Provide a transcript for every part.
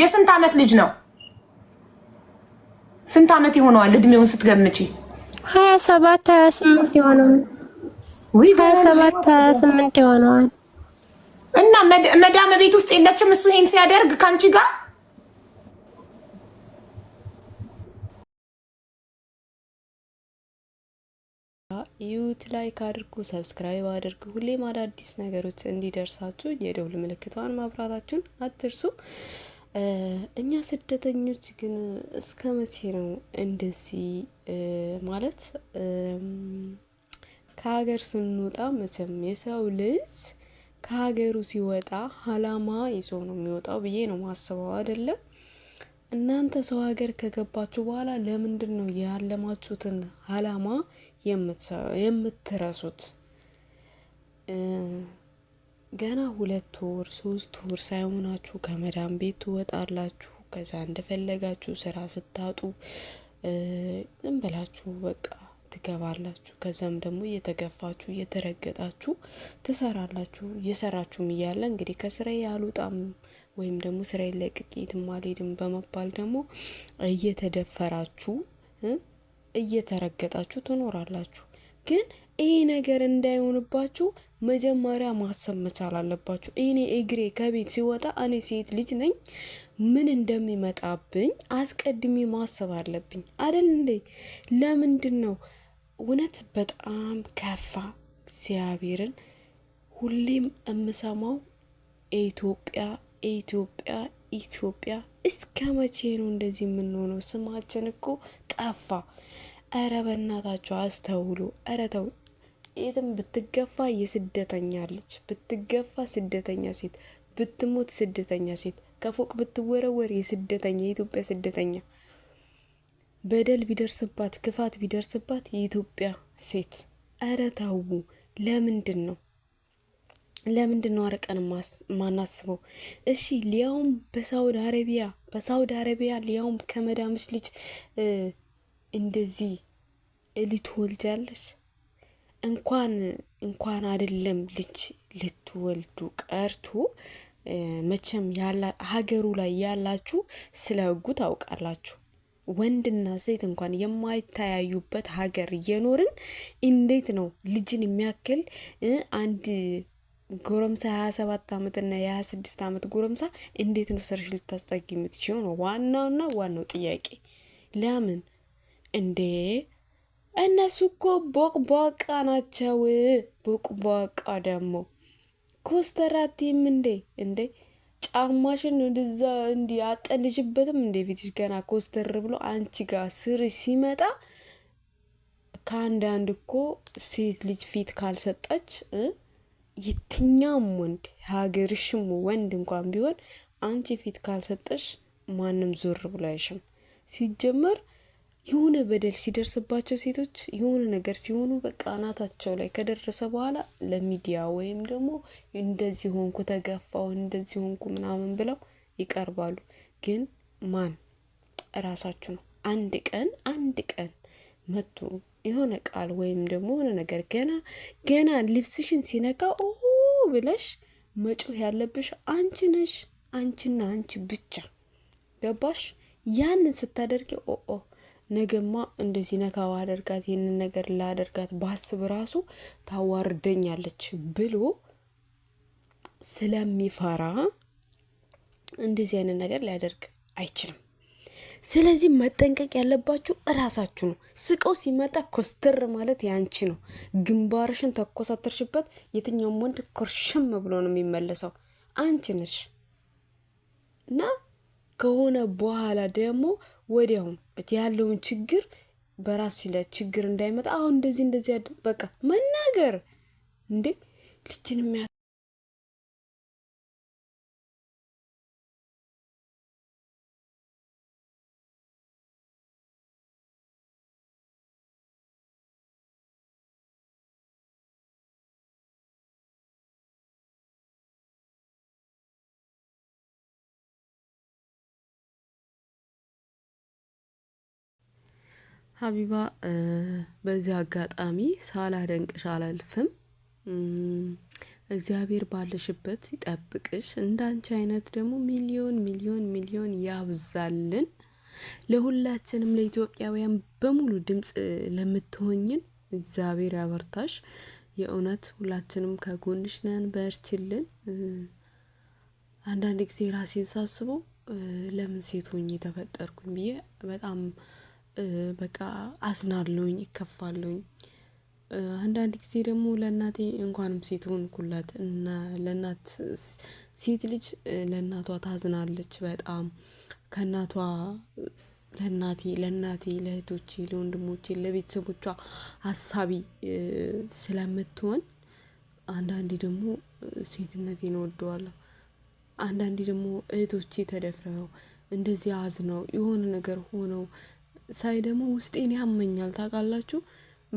የስንት አመት ልጅ ነው? ስንት አመት ይሆነዋል? እድሜውን ስትገምጪ? ሀያ ሰባት ሀያ ስምንት ይሆነዋል። ሀያ ሰባት ሀያ ስምንት ይሆነዋል። እና መዳም ቤት ውስጥ የለችም እሱ ይሄን ሲያደርግ ከአንቺ ጋር ዩት ላይክ አድርጉ፣ ሰብስክራይብ አድርጉ። ሁሌም አዳዲስ ነገሮች እንዲደርሳችሁ የደውል ምልክቷን ማብራታችሁን አትርሱ። እኛ ስደተኞች ግን እስከ መቼ ነው እንደዚህ ማለት ከሀገር ስንወጣ መቼም የሰው ልጅ ከሀገሩ ሲወጣ አላማ ይዞ ነው የሚወጣው ብዬ ነው ማስበው አይደለም። እናንተ ሰው ሀገር ከገባችሁ በኋላ ለምንድን ነው ያለማችሁትን አላማ የምትረሱት። ገና ሁለት ወር ሶስት ወር ሳይሆናችሁ ከመዳን ቤት ትወጣላችሁ። ከዛ እንደፈለጋችሁ ስራ ስታጡ ዝም ብላችሁ በቃ ትገባላችሁ። ከዛም ደግሞ እየተገፋችሁ እየተረገጣችሁ ትሰራላችሁ። እየሰራችሁም እያለ እንግዲህ ከስራ ያሉጣም ወይም ደግሞ ስራ ለቅቄ የትም አልሄድም በመባል ደግሞ እየተደፈራችሁ እየተረገጣችሁ ትኖራላችሁ። ግን ይሄ ነገር እንዳይሆንባችሁ መጀመሪያ ማሰብ መቻል አለባችሁ። እኔ እግሬ ከቤት ሲወጣ እኔ ሴት ልጅ ነኝ፣ ምን እንደሚመጣብኝ አስቀድሜ ማሰብ አለብኝ አደል እንዴ? ለምንድን ነው እውነት በጣም ከፋ። እግዚአብሔርን ሁሌም የምሰማው ኢትዮጵያ ኢትዮጵያ ኢትዮጵያ እስከ መቼ ነው እንደዚህ የምንሆነው? ስማችን እኮ ጠፋ። እረ በእናታቸው አስተውሉ። እረ ተው። የትም ብትገፋ የስደተኛ ልጅ ብትገፋ ስደተኛ ሴት ብትሞት ስደተኛ ሴት ከፎቅ ብትወረወር የስደተኛ የኢትዮጵያ ስደተኛ በደል ቢደርስባት ክፋት ቢደርስባት የኢትዮጵያ ሴት እረ ተው። ለምንድን ነው ለምንድን ነው አርቀን ማናስበው? እሺ ሊያውም በሳውዲ አረቢያ በሳውዲ አረቢያ ሊያውም ከመዳምሽ ልጅ እንደዚህ ልትወልጃለሽ። እንኳን እንኳን አይደለም ልጅ ልትወልዱ ቀርቶ መቼም ሀገሩ ላይ ያላችሁ ስለ ህጉ ታውቃላችሁ። ወንድና ሴት እንኳን የማይተያዩበት ሀገር እየኖርን እንዴት ነው ልጅን የሚያክል አንድ ጎረምሳ የሀያ ሰባት እና የሀያ ስድስት ዓመት ጎረምሳ እንዴት ነው ሰርሽ ልታስጠጊ የምትችው ነው ዋናውና ዋናው ጥያቄ። ለምን እንዴ እነሱ እኮ ቦቅቧቃ ናቸው። ቦቅቧቃ ደግሞ ኮስተራቲም እንዴ እንዴ ጫማሽን ወደዛ እንዲ አጠልሽበትም እንዴ ፊትሽ ገና ኮስተር ብሎ አንቺ ጋር ስርሽ ሲመጣ ከአንዳንድ እኮ ሴት ልጅ ፊት ካልሰጠች የትኛውም ወንድ የሀገርሽም ወንድ እንኳን ቢሆን አንቺ ፊት ካልሰጠሽ ማንም ዞር ብሎ አይሽም። ሲጀመር የሆነ በደል ሲደርስባቸው ሴቶች የሆነ ነገር ሲሆኑ በቃ አናታቸው ላይ ከደረሰ በኋላ ለሚዲያ ወይም ደግሞ እንደዚህ ሆንኩ፣ ተገፋው፣ እንደዚህ ሆንኩ ምናምን ብለው ይቀርባሉ። ግን ማን እራሳችሁ ነው። አንድ ቀን አንድ ቀን መቶ የሆነ ቃል ወይም ደግሞ የሆነ ነገር ገና ገና ልብስሽን ሲነካ ኦ ብለሽ መጮህ ያለብሽ አንቺ ነሽ፣ አንቺና አንቺ ብቻ። ገባሽ? ያንን ስታደርጊ ኦኦ ነገማ እንደዚህ ነካ አደርጋት፣ ይህንን ነገር ላደርጋት ባስብ ራሱ ታዋርደኛለች ብሎ ስለሚፈራ እንደዚህ አይነት ነገር ሊያደርግ አይችልም። ስለዚህ መጠንቀቅ ያለባችሁ እራሳችሁ ነው። ስቀው ሲመጣ ኮስተር ማለት ያንቺ ነው። ግንባርሽን ተኮሳተርሽበት፣ የትኛውም ወንድ ኮርሸም ብሎ ነው የሚመለሰው። አንቺ ነሽ እና ከሆነ በኋላ ደግሞ ወዲያውም ያለውን ችግር በራስ ሲለ ችግር እንዳይመጣ አሁን እንደዚህ እንደዚህ በቃ መናገር እንዴ ልጅን ሀቢባ በዚህ አጋጣሚ ሳላደንቅሽ አላልፍም። እግዚአብሔር ባለሽበት ይጠብቅሽ። እንዳንቺ አይነት ደግሞ ሚሊዮን ሚሊዮን ሚሊዮን ያብዛልን። ለሁላችንም ለኢትዮጵያውያን በሙሉ ድምፅ ለምትሆኝን እግዚአብሔር ያበርታሽ። የእውነት ሁላችንም ከጎንሽ ነን፣ በርችልን። አንዳንድ ጊዜ ራሴን ሳስበው ለምን ሴት ሆኜ ተፈጠርኩኝ ብዬ በጣም በቃ አዝናለሁኝ፣ ይከፋለሁኝ። አንዳንድ ጊዜ ደግሞ ለእናቴ እንኳንም ሴት ሆንኩላት እና ለእናት ሴት ልጅ ለእናቷ ታዝናለች በጣም ከእናቷ ለእናቴ ለእናቴ ለእህቶቼ፣ ለወንድሞቼ፣ ለቤተሰቦቿ ሀሳቢ ስለምትሆን አንዳንዴ ደግሞ ሴትነቴን እወደዋለሁ። አንዳንዴ ደግሞ እህቶቼ ተደፍረው እንደዚህ አዝነው የሆነ ነገር ሆነው ሳይ ደግሞ ውስጤን ያመኛል ታውቃላችሁ።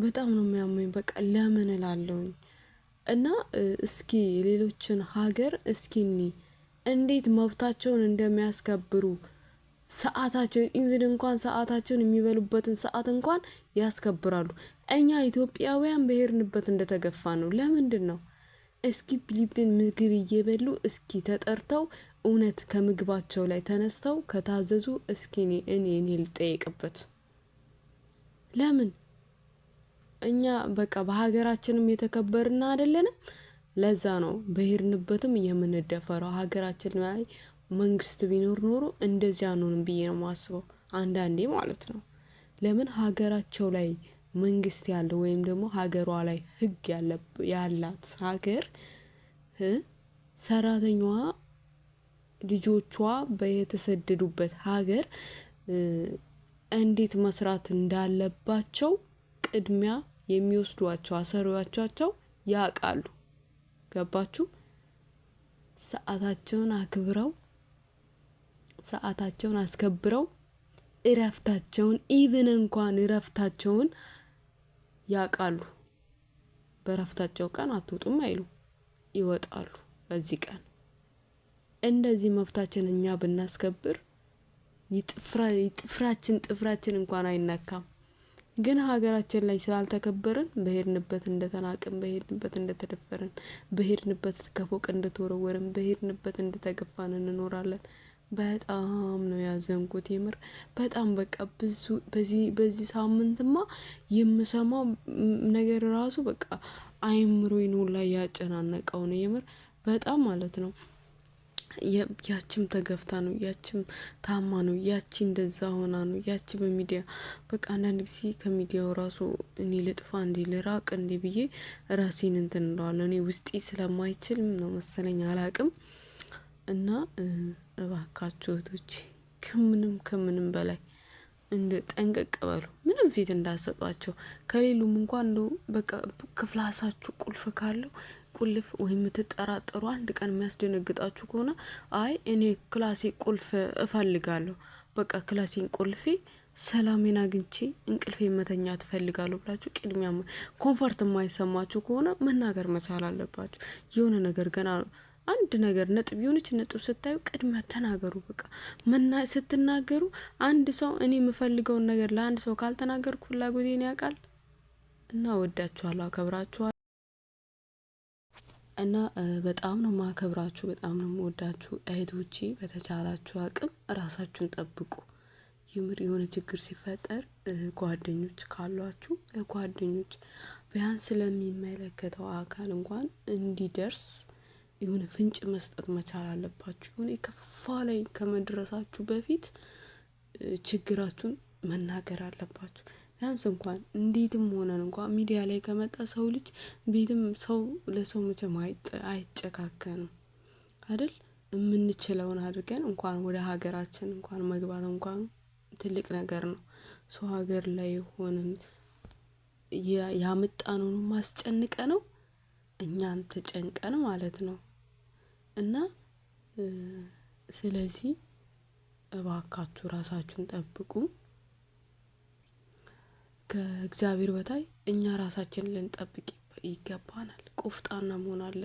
በጣም ነው የሚያመኝ። በቃ ለምን እላለሁኝ። እና እስኪ ሌሎችን ሀገር እስኪኒ እንዴት መብታቸውን እንደሚያስከብሩ ሰዓታቸውን ኢቭን እንኳን ሰዓታቸውን የሚበሉበትን ሰዓት እንኳን ያስከብራሉ። እኛ ኢትዮጵያውያን በሄድንበት እንደተገፋ ነው። ለምንድን ነው እስኪ ፊሊፒን ምግብ እየበሉ እስኪ ተጠርተው እውነት ከምግባቸው ላይ ተነስተው ከታዘዙ እኔ እኔን ልጠየቅበት። ለምን እኛ በቃ በሀገራችንም የተከበርና አይደለንም። ለዛ ነው በሄድንበትም የምንደፈረው። ሀገራችን ላይ መንግስት ቢኖር ኖሮ እንደዚህ አንሆንም ብዬ ነው ማስበው አንዳንዴ ማለት ነው። ለምን ሀገራቸው ላይ መንግስት ያለው ወይም ደግሞ ሀገሯ ላይ ህግ ያላት ሀገር ሰራተኛዋ ልጆቿ በተሰደዱበት ሀገር እንዴት መስራት እንዳለባቸው ቅድሚያ የሚወስዷቸው አሰሪዎቻቸው ያውቃሉ። ገባችሁ? ሰዓታቸውን አክብረው ሰዓታቸውን አስከብረው እረፍታቸውን ኢቭን እንኳን እረፍታቸውን ያውቃሉ። በእረፍታቸው ቀን አትውጡም አይሉ ይወጣሉ። በዚህ ቀን እንደዚህ መብታችን እኛ ብናስከብር ጥፍራችን ጥፍራችን እንኳን አይነካም። ግን ሀገራችን ላይ ስላልተከበርን በሄድንበት እንደተናቅን፣ በሄድንበት እንደተደፈርን፣ በሄድንበት ከፎቅ እንደተወረወርን፣ በሄድንበት እንደተገፋን እንኖራለን። በጣም ነው ያዘንኩት። የምር በጣም በቃ ብዙ በዚህ በዚህ ሳምንትማ የምሰማው ነገር ራሱ በቃ አይምሮዬን ሁላ ያጨናነቀው ነው የምር በጣም ማለት ነው። ያችም ተገፍታ ነው፣ ያችም ታማ ነው፣ ያቺ እንደዛ ሆና ነው፣ ያቺ በሚዲያ በቃ አንዳንድ ጊዜ ከሚዲያው ራሱ እኔ ልጥፋ እንዴ ልራቅ እንዴ ብዬ ራሴን እንትን እለዋለሁ። እኔ ውስጤ ስለማይችል ነው መሰለኝ አላቅም። እና እባካችሁ እህቶች ከምንም ከምንም በላይ እንደ ጠንቀቅ በሉ። ምንም ፊት እንዳሰጧቸው ከሌሉም እንኳን እንደው በቃ ክፍላሳችሁ ቁልፍ ካለው ቁልፍ ወይም የምትጠራጠሩ አንድ ቀን የሚያስደነግጣችሁ ከሆነ አይ እኔ ክላሴ ቁልፍ እፈልጋለሁ፣ በቃ ክላሴን ቁልፊ ሰላሜን አግኝቼ እንቅልፌ መተኛ ትፈልጋለሁ ብላችሁ ቅድሚያ ኮንፈርት የማይሰማችሁ ከሆነ መናገር መቻል አለባችሁ። የሆነ ነገር ገና አንድ ነገር ነጥብ የሆነች ነጥብ ስታዩ ቅድሚያ ተናገሩ። በቃ ስትናገሩ አንድ ሰው እኔ የምፈልገውን ነገር ለአንድ ሰው ካልተናገርኩ ፍላጎቴን ያውቃል እና ወዳችኋለሁ፣ አከብራችኋለሁ። እና በጣም ነው ማከብራችሁ፣ በጣም ነው ወዳችሁ እህቶቼ። በተቻላችሁ አቅም ራሳችሁን ጠብቁ። ይምር የሆነ ችግር ሲፈጠር ጓደኞች ካሏችሁ ለጓደኞች ቢያንስ ስለሚመለከተው አካል እንኳን እንዲደርስ የሆነ ፍንጭ መስጠት መቻል አለባችሁ። የሆነ የከፋ ላይ ከመድረሳችሁ በፊት ችግራችሁን መናገር አለባችሁ። ቢያንስ እንኳን እንዴትም ሆነን እንኳን ሚዲያ ላይ ከመጣ ሰው ልጅ ቤትም ሰው ለሰው መቼም አይጨካከንም አይደል? የምንችለውን አድርገን እንኳን ወደ ሀገራችን እንኳን መግባት እንኳን ትልቅ ነገር ነው። ሰው ሀገር ላይ ሆንን ያመጣነውን ማስጨንቀ ነው እኛም ተጨንቀን ማለት ነው። እና ስለዚህ እባካችሁ ራሳችሁን ጠብቁ። ከእግዚአብሔር በታይ እኛ ራሳችን ልንጠብቅ ይገባናል። ቆፍጣና መሆን አለ